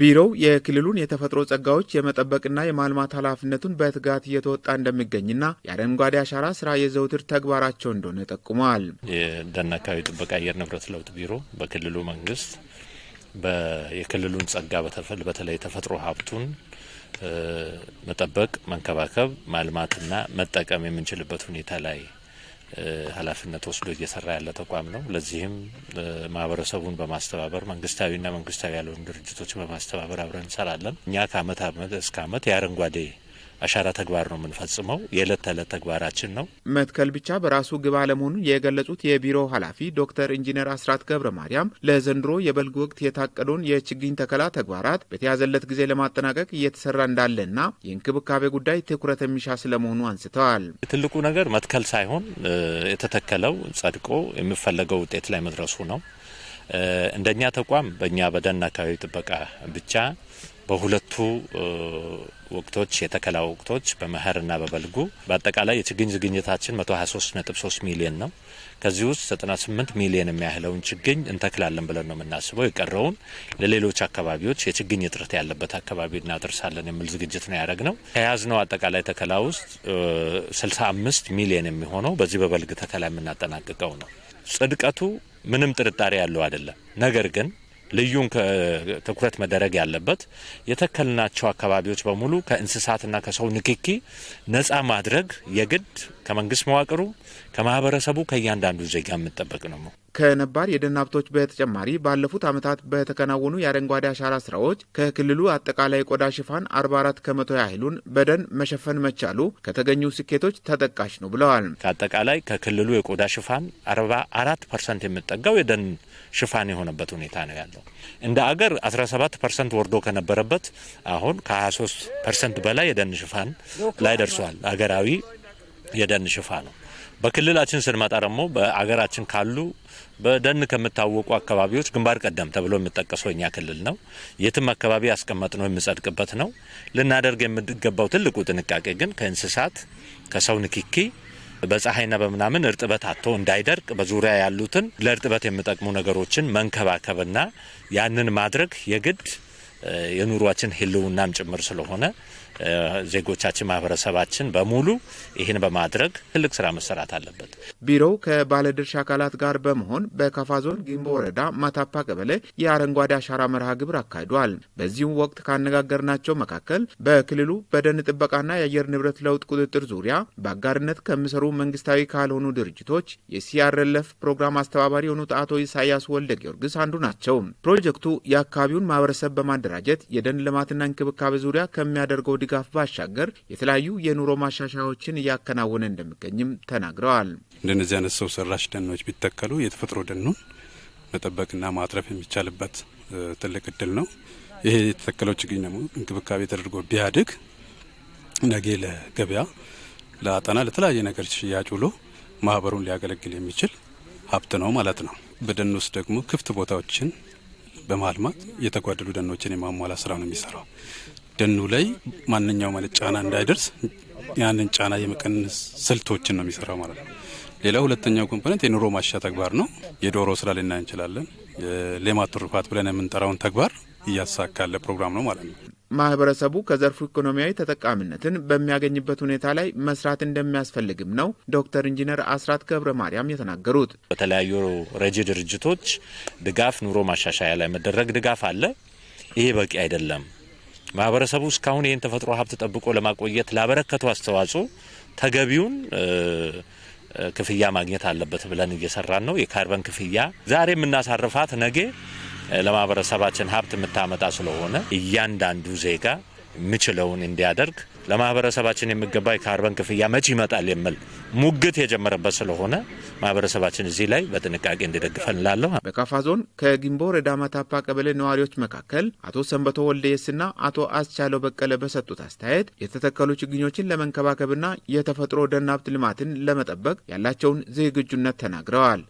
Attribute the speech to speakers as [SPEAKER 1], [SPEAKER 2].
[SPEAKER 1] ቢሮው የክልሉን የተፈጥሮ ጸጋዎች የመጠበቅና የማልማት ኃላፊነቱን በትጋት እየተወጣ እንደሚገኝና የአረንጓዴ አሻራ ስራ የዘውትር ተግባራቸው እንደሆነ ጠቁመዋል።
[SPEAKER 2] የደን አካባቢ ጥበቃ አየር ንብረት ለውጥ ቢሮ በክልሉ መንግስት የክልሉን ጸጋ በተለይ የተፈጥሮ ሀብቱን መጠበቅ፣ መንከባከብ፣ ማልማትና መጠቀም የምንችልበት ሁኔታ ላይ ኃላፊነት ወስዶ እየሰራ ያለ ተቋም ነው። ለዚህም ማህበረሰቡን በማስተባበር መንግስታዊና መንግስታዊ ያልሆኑ ድርጅቶችን በማስተባበር አብረን እንሰራለን። እኛ ከአመት አመት እስከ አመት የአረንጓዴ አሻራ ተግባር ነው የምንፈጽመው። የዕለት ተዕለት ተግባራችን ነው።
[SPEAKER 1] መትከል ብቻ በራሱ ግብ አለመሆኑን የገለጹት የቢሮው ኃላፊ ዶክተር ኢንጂነር አስራት ገብረ ማርያም ለዘንድሮ የበልግ ወቅት የታቀደውን የችግኝ ተከላ ተግባራት በተያዘለት ጊዜ ለማጠናቀቅ እየተሰራ እንዳለና የእንክብካቤ ጉዳይ ትኩረት የሚሻ ስለመሆኑ አንስተዋል።
[SPEAKER 2] ትልቁ ነገር መትከል ሳይሆን የተተከለው ጸድቆ የሚፈለገው ውጤት ላይ መድረሱ ነው። እንደኛ ተቋም በእኛ በደን አካባቢ ጥበቃ ብቻ በሁለቱ ወቅቶች የተከላ ወቅቶች በመኸርና በበልጉ በአጠቃላይ የችግኝ ዝግጅታችን 123.3 ሚሊዮን ነው። ከዚህ ውስጥ 98 ሚሊዮን የሚያህለውን ችግኝ እንተክላለን ብለን ነው የምናስበው። የቀረውን ለሌሎች አካባቢዎች የችግኝ እጥረት ያለበት አካባቢ እናደርሳለን የሚል ዝግጅት ነው ያደረግነው። ከያዝነው አጠቃላይ ተከላ ውስጥ 65 ሚሊዮን የሚሆነው በዚህ በበልግ ተከላ የምናጠናቅቀው ነው። ጽድቀቱ ምንም ጥርጣሬ ያለው አይደለም። ነገር ግን ልዩን ትኩረት መደረግ ያለበት የተከልናቸው አካባቢዎች በሙሉ ከእንስሳትና ከሰው ንክኪ ነፃ ማድረግ የግድ ከመንግስት መዋቅሩ፣ ከማህበረሰቡ፣ ከእያንዳንዱ ዜጋ የምጠበቅ ነው።
[SPEAKER 1] ከነባር የደን ሀብቶች በተጨማሪ ባለፉት ዓመታት በተከናወኑ የአረንጓዴ አሻራ ስራዎች ከክልሉ አጠቃላይ ቆዳ ሽፋን 44 ከመቶ ያህሉን በደን መሸፈን መቻሉ ከተገኙ ስኬቶች ተጠቃሽ ነው ብለዋል።
[SPEAKER 2] ከአጠቃላይ ከክልሉ የቆዳ ሽፋን 44 ፐርሰንት የሚጠጋው የደን ሽፋን የሆነበት ሁኔታ ነው ያለው። እንደ አገር 17 ፐርሰንት ወርዶ ከነበረበት አሁን ከ23 ፐርሰንት በላይ የደን ሽፋን ላይ ደርሷል አገራዊ የደን ሽፋ ነው። በክልላችን ስንመጣ ደግሞ በአገራችን ካሉ በደን ከምታወቁ አካባቢዎች ግንባር ቀደም ተብሎ የሚጠቀሰው እኛ ክልል ነው። የትም አካባቢ ያስቀመጥ ነው የምጸድቅበት ነው። ልናደርግ የምንገባው ትልቁ ጥንቃቄ ግን ከእንስሳት ከሰው ንክኪ በፀሐይና በምናምን እርጥበት አቶ እንዳይደርቅ በዙሪያ ያሉትን ለእርጥበት የሚጠቅሙ ነገሮችን መንከባከብና ያንን ማድረግ የግድ የኑሯችን ህልውናም ጭምር ስለሆነ ዜጎቻችን፣ ማህበረሰባችን በሙሉ ይህን በማድረግ ትልቅ ስራ መሰራት አለበት።
[SPEAKER 1] ቢሮው ከባለድርሻ አካላት ጋር በመሆን በካፋ ዞን ጊምቦ ወረዳ ማታፓ ቀበሌ የአረንጓዴ አሻራ መርሃ ግብር አካሂዷል። በዚሁም ወቅት ካነጋገርናቸው መካከል በክልሉ በደን ጥበቃና የአየር ንብረት ለውጥ ቁጥጥር ዙሪያ በአጋርነት ከሚሰሩ መንግስታዊ ካልሆኑ ድርጅቶች የሲአርኤልኤፍ ፕሮግራም አስተባባሪ የሆኑት አቶ ኢሳያስ ወልደ ጊዮርጊስ አንዱ ናቸው። ፕሮጀክቱ የአካባቢውን ማህበረሰብ በማደራጀት የደን ልማትና እንክብካቤ ዙሪያ ከሚያደርገው ድጋፍ ባሻገር የተለያዩ የኑሮ ማሻሻያዎችን እያከናወነ እንደሚገኝም ተናግረዋል።
[SPEAKER 2] እንደነዚህ አይነት ሰው ሰራሽ ደኖች ቢተከሉ የተፈጥሮ ደኑን መጠበቅና ማትረፍ የሚቻልበት ትልቅ እድል ነው። ይሄ የተተከለው ችግኝ ደግሞ እንክብካቤ ተደርጎ ቢያድግ ነገ ለገበያ ለአጠና ለተለያየ ነገር ሽያጭ ውሎ ማህበሩን ሊያገለግል የሚችል ሀብት ነው ማለት ነው። በደን ውስጥ ደግሞ ክፍት ቦታዎችን በማልማት የተጓደሉ ደኖችን የማሟላ ስራ ነው የሚሰራው። ደኑ ላይ ማንኛውም ማለት ጫና እንዳይደርስ ያንን ጫና የመቀነስ ስልቶችን ነው የሚሰራው ማለት ነው። ሌላ ሁለተኛው ኮምፖነንት የኑሮ ማሻ ተግባር ነው። የዶሮ ስራ ልናይ እንችላለን። የሌማት ትሩፋት ብለን የምንጠራውን ተግባር እያሳካለ ፕሮግራም ነው ማለት ነው።
[SPEAKER 1] ማህበረሰቡ ከዘርፉ ኢኮኖሚያዊ ተጠቃሚነትን በሚያገኝበት ሁኔታ ላይ መስራት እንደሚያስፈልግም ነው ዶክተር ኢንጂነር አስራት ገብረ ማርያም የተናገሩት።
[SPEAKER 2] በተለያዩ ረጂ ድርጅቶች ድጋፍ ኑሮ ማሻሻያ ላይ መደረግ ድጋፍ አለ። ይሄ በቂ አይደለም። ማህበረሰቡ እስካሁን ይህን ተፈጥሮ ሀብት ጠብቆ ለማቆየት ላበረከቱ አስተዋጽኦ ተገቢውን ክፍያ ማግኘት አለበት ብለን እየሰራን ነው። የካርበን ክፍያ ዛሬ የምናሳርፋት ነገ ለማህበረሰባችን ሀብት የምታመጣ ስለሆነ እያንዳንዱ ዜጋ የሚችለውን እንዲያደርግ ለማህበረሰባችን የሚገባ የካርበን ክፍያ መች ይመጣል የሚል ሙግት የጀመረበት ስለሆነ ማህበረሰባችን እዚህ ላይ በጥንቃቄ እንዲደግፈን
[SPEAKER 1] በካፋ ዞን ከጊንቦ ረዳማ ታፓ ቀበሌ ነዋሪዎች መካከል አቶ ሰንበቶ ወልደየስና አቶ አስቻለው በቀለ በሰጡት አስተያየት የተተከሉ ችግኞችን ለመንከባከብና የተፈጥሮ ደን ሀብት ልማትን ለመጠበቅ ያላቸውን ዝግጁነት ተናግረዋል።